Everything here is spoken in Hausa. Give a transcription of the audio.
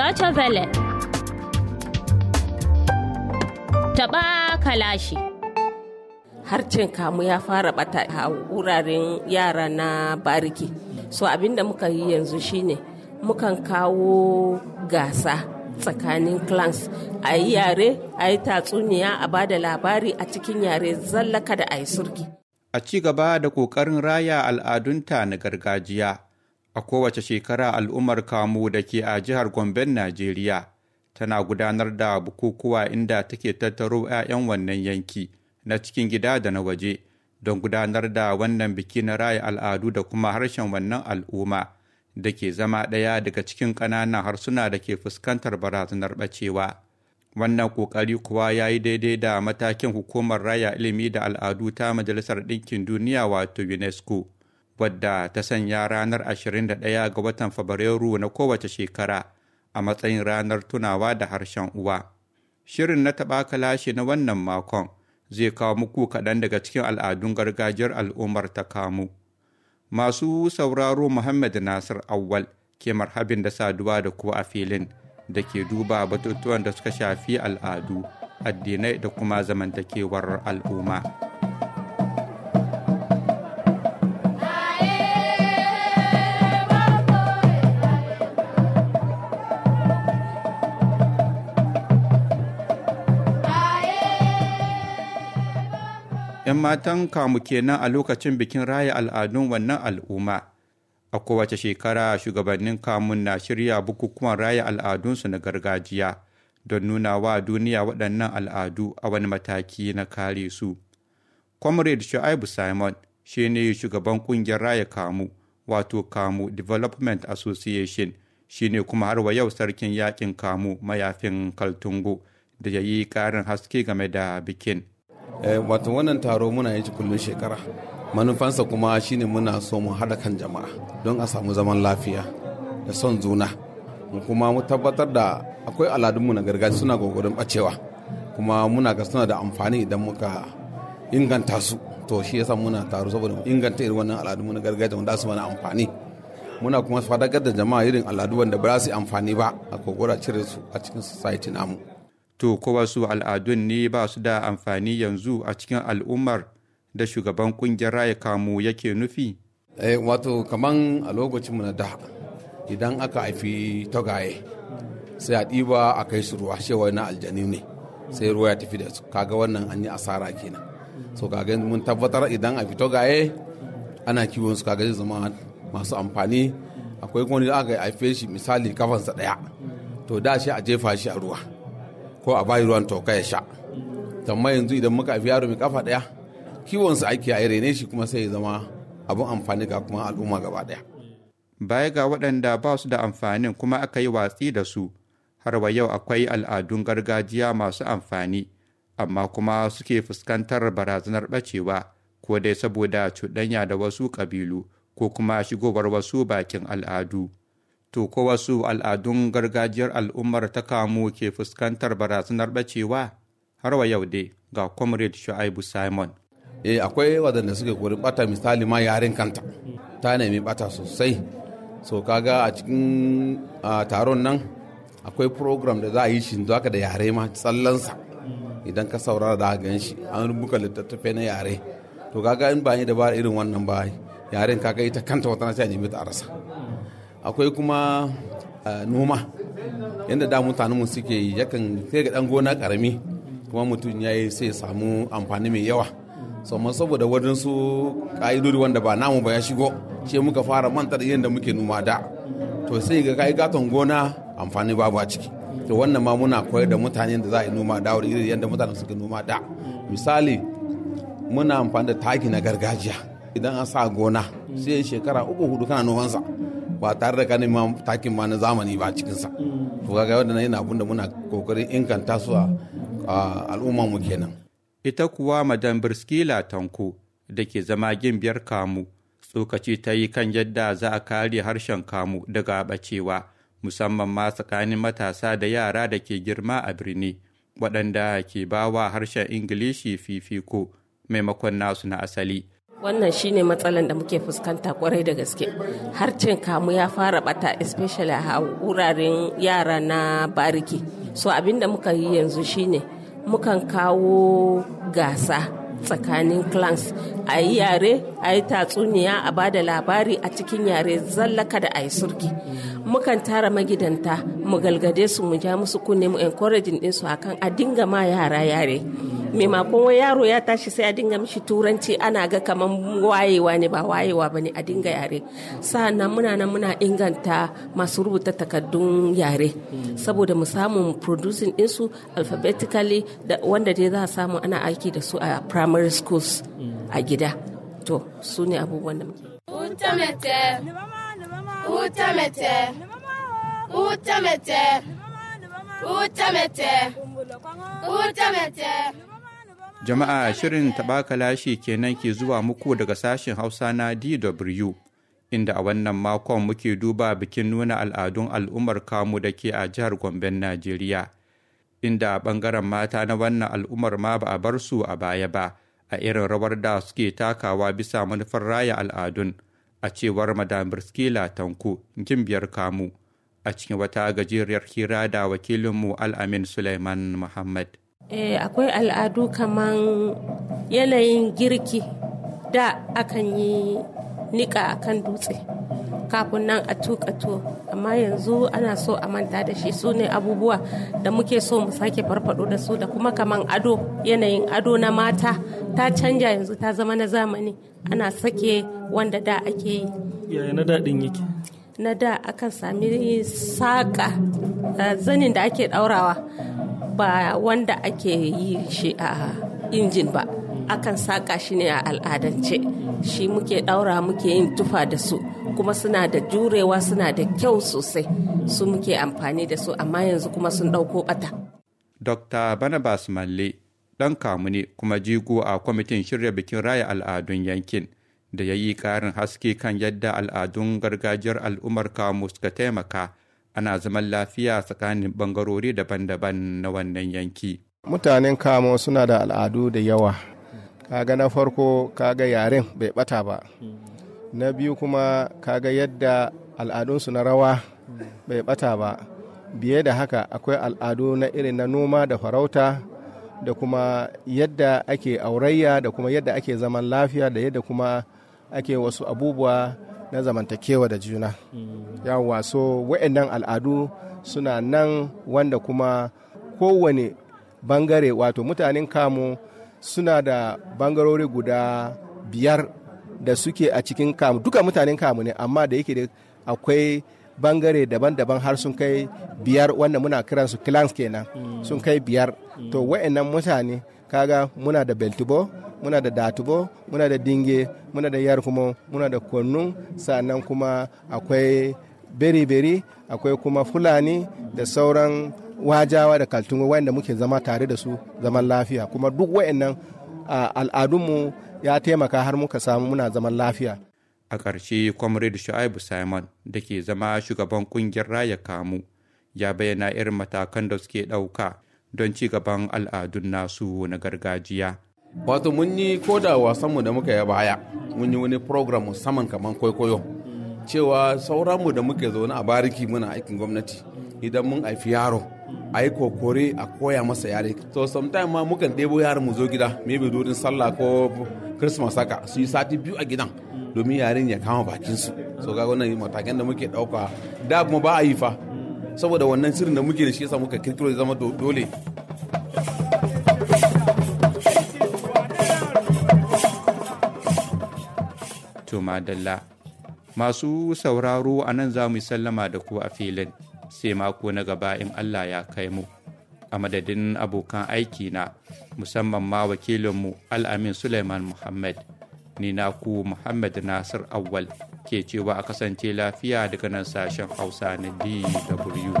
Deutsche Welle. Taɓa kalashi. Harcin kamu ya fara bata a wuraren yara na bariki. So abin da muka yi yanzu shine mukan kawo gasa tsakanin clans a yi yare a yi tatsuniya a ba da labari a cikin yare zallaka da a yi surki. A ci gaba da ƙoƙarin raya al'adunta na gargajiya. A kowace shekara al'ummar kamu da ke a jihar Gomben Najeriya tana gudanar da bukukuwa inda take tattaro 'ya'yan wannan yanki na cikin gida da na waje don gudanar da wannan biki na raya al'adu da kuma harshen wannan al'umma da ke zama ɗaya daga cikin ƙananan harsuna da ke fuskantar barazanar ɓacewa. Wannan ƙoƙari kuwa ya yi daidai da matakin hukumar raya ilimi da al'adu ta Majalisar Ɗinkin Duniya wato UNESCO. wadda ta sanya ranar 21 ga watan Fabrairu na kowace shekara a matsayin ranar tunawa da harshen uwa. Shirin na taɓa kalashi na wannan makon zai kawo muku kaɗan daga cikin al'adun gargajiyar al'ummar ta kamu. Masu sauraro Muhammad Nasir Awwal ke marhabin da saduwa da kuwa a filin da ke duba batutuwan da suka shafi al'adu, addinai da kuma zamantakewar al'umma. 'yan matan kamu kenan a lokacin bikin raya al'adun wannan al'umma a kowace shekara shugabannin kamun na shirya bukukuwan raya al'adunsu na gargajiya don nuna wa duniya waɗannan al'adu a wani mataki na kare su comrade shu'aibu simon shi ne shugaban ƙungiyar raya kamu wato kamu development association shi ne kuma har wa yau sarkin yaƙin kamu mayafin kaltungo da ya yi ƙarin haske game da bikin Eh, wato wannan taro muna yin kullum shekara manufansa kuma shine muna so mu hada kan jama'a don a samu zaman lafiya da son zuna kuma mu tabbatar da akwai aladunmu na gargajiya suna gogorin bacewa kuma muna ga suna da amfani idan muka inganta su to shi yasa muna taro saboda inganta irin wannan aladunmu na gargajiya wanda su mana amfani muna kuma fadakar da jama'a irin aladu wanda ba za su amfani ba a kogora cire su a cikin society namu to ko wasu al'adun ne ba su da amfani yanzu a cikin al'ummar da shugaban kungiyar raya kamu yake nufi eh, wato kaman a lokacin mu na da idan aka haifi tagaye sai a ɗiba a kai su ruwa shewa na aljanu ne sai ruwa ya tafi da su kaga wannan an yi asara kenan so kaga mun tabbatar idan a fito gaye ana kiwon su kaga zai zama masu amfani akwai wani da aka haife shi misali kafansa ɗaya to da shi a jefa shi a ruwa ko a bayi ruwan toka ya sha tamma yanzu idan muka fi yaro mai kafa daya su ake a rene shi kuma sai ya zama abin amfani ga kuma al'umma gaba daya baya ga waɗanda ba su da amfanin kuma aka yi watsi da su har wa yau akwai al'adun gargajiya masu amfani amma kuma suke fuskantar barazanar ɓacewa ko dai saboda cuɗanya da wasu ƙabilu ko kuma shigowar wasu bakin al'adu to ko wasu al'adun gargajiyar al'ummar ta kamu ke fuskantar barazanar bacewa har wa yau dai ga comrade shu'aibu simon eh akwai wadanda suke kori bata misali ma yaren kanta ta nemi bata sosai so kaga a cikin taron nan akwai program da za a yi shi da da yare ma tsallansa idan ka saurara da gan shi an rubuka littattafai na yare to kaga in ba da dabara irin wannan ba yaren kaga ita kanta wata na ta nemi ta arasa akwai kuma eh, noma yadda da mutanenmu suke yakan kai ga ɗan gona ƙarami kuma mutum ya yi sai samu amfani mai yawa sama saboda wajen su ƙa'idodi wanda ba namu ba ya shigo ce muka fara manta da yadda muke noma da to sai ga kai katon gona amfani babu a ciki to wannan ma muna koyar da mutane da za a yi noma da irin yadda mutane suke noma da misali muna amfani da taki na gargajiya idan an sa gona sai shekara uku hudu kana nomansa ba tare da kanin ma takin ma na zamani ba cikinsa mm. to kaga wannan yana abun da muna kokarin inganta su a al'umma mu kenan ita kuwa madam Briskila tanko da ke zama gimbiyar kamu tsokaci ta yi kan yadda za a kare harshen kamu daga bacewa musamman ma tsakanin matasa da yara da ke girma a birni waɗanda ke bawa harshen ingilishi fifiko maimakon nasu na asali wannan shine matsalan da muke fuskanta kwarai da gaske harcin kamu ya fara bata especially a wuraren yara na bariki so abinda muka yi yanzu shine mukan kawo gasa tsakanin clans a yi yare a yi tatsuniya a ba da labari a cikin yare zallaka da a yi surki mukan tara magidanta mu galgade su mu ja musu kunne mu encouraging su akan a dinga ma yara yare mai makon wai yaro ya tashi sai a dinga mishi turanci ana ga kaman wayewa ne ba wayewa ba ne a dinga yare sa'annan muna nan muna inganta masu rubuta takardun yare saboda mu samu producing insu alphabetically da wanda dai za a samu ana aiki da su a primary schools a gida to su ne abubuwan da muke Utamete. Utamete. Utamete. Utamete. Utamete. Jama'a shirin taɓakala kenan ke zuwa muku daga sashen Hausa na DW, inda a wannan makon muke duba bikin nuna al'adun al'ummar kamu da ke a jihar Gomben Najeriya. Inda ɓangaren mata na wannan al'ummar ma ba a bar su a baya ba, a irin rawar da suke takawa bisa manufar raya al'adun, a cewar Madam Briskila Tanko, gimbiyar kamu, a cikin wata gajeriyar hira da wakilinmu Al'amin Suleiman Muhammad. Eh, akwai al'adu kaman yanayin girki da akan yi niƙa akan dutse kafin nan a tuka tuwo amma yanzu ana so a manta da shi su ne abubuwa da muke so mu sake farfado da su da kuma kaman ado yanayin ado na mata ta canja yanzu ta zama na zamani ana sake wanda da ake yi yaya na daɗin yake na da akan sami saƙa eh, zanin da ake ɗaurawa ba wanda ake yi shi a injin ba akan saƙa shi ne a al'adance shi muke ɗaura muke yin tufa da su kuma suna da jurewa suna da kyau sosai su muke amfani da su amma yanzu kuma sun ɗauko ɓata. Dr. Barnabas Malle ɗan kamu ne kuma jigo a kwamitin shirya bikin raya al'adun yankin da ya yi ƙarin haske kan yadda al'adun gargajiyar al'ummar kamu suka taimaka ana zaman lafiya tsakanin bangarori daban-daban na wannan yanki. Mutanen kamo suna da al'adu da yawa. Kaga na farko kaga yaren bai bata ba. Na biyu kuma kaga yadda al'adunsu na rawa bai bata ba. Biye da haka akwai al'adu na irin na noma da farauta da kuma yadda ake aurayya da kuma yadda ake zaman lafiya da yadda kuma ake wasu abubuwa na zamantakewa da juna yawwa so wa'annan al'adu suna nan wanda kuma kowane bangare wato mutanen kamu suna da bangarori guda biyar da suke a cikin kamu duka mutanen kamu ne amma da yake da akwai bangare daban-daban har sun kai biyar wanda muna kiransu clans kenan sun kai biyar to wa'annan mutane kaga muna da beltibo muna da datubo muna da dinge muna da yarkumo muna da kwannu sannan kuma akwai beriberi akwai kuma fulani da sauran wajawa da kaltungo wanda muke zama tare da su zaman lafiya kuma duk wayannan al'adunmu ya taimaka har muka samu muna zaman lafiya a ƙarshe comrade shu'aibu simon da ke zama shugaban ƙungiyar raya kamu ya bayyana irin matakan da suke ɗauka don ci gaban al'adun nasu na gargajiya wato mun yi ko wasan wasanmu da muka ya baya mun yi wani program musamman kamar kwaikwayo cewa sauranmu da muke zaune a bariki muna aikin gwamnati idan mun haifi yaro a yi kokore a koya masa yare so sometimes ma mukan ɗebo yaran mu zo gida maybe durin sallah ko christmas haka su yi sati biyu a gidan domin yaren ya kama bakin su so ga wannan matakan da muke ɗauka da kuma ba a yi fa saboda wannan shirin da muke da shi yasa muka kirkiro zama dole to madalla masu sauraro a nan za mu yi sallama da ku a filin sai mako na gaba in allah ya kai mu a madadin abokan aiki na musamman ma wakilinmu al'amin suleiman muhammad ni na ku muhammad nasir Awwal ke cewa a kasance lafiya daga nan sashen hausa na dw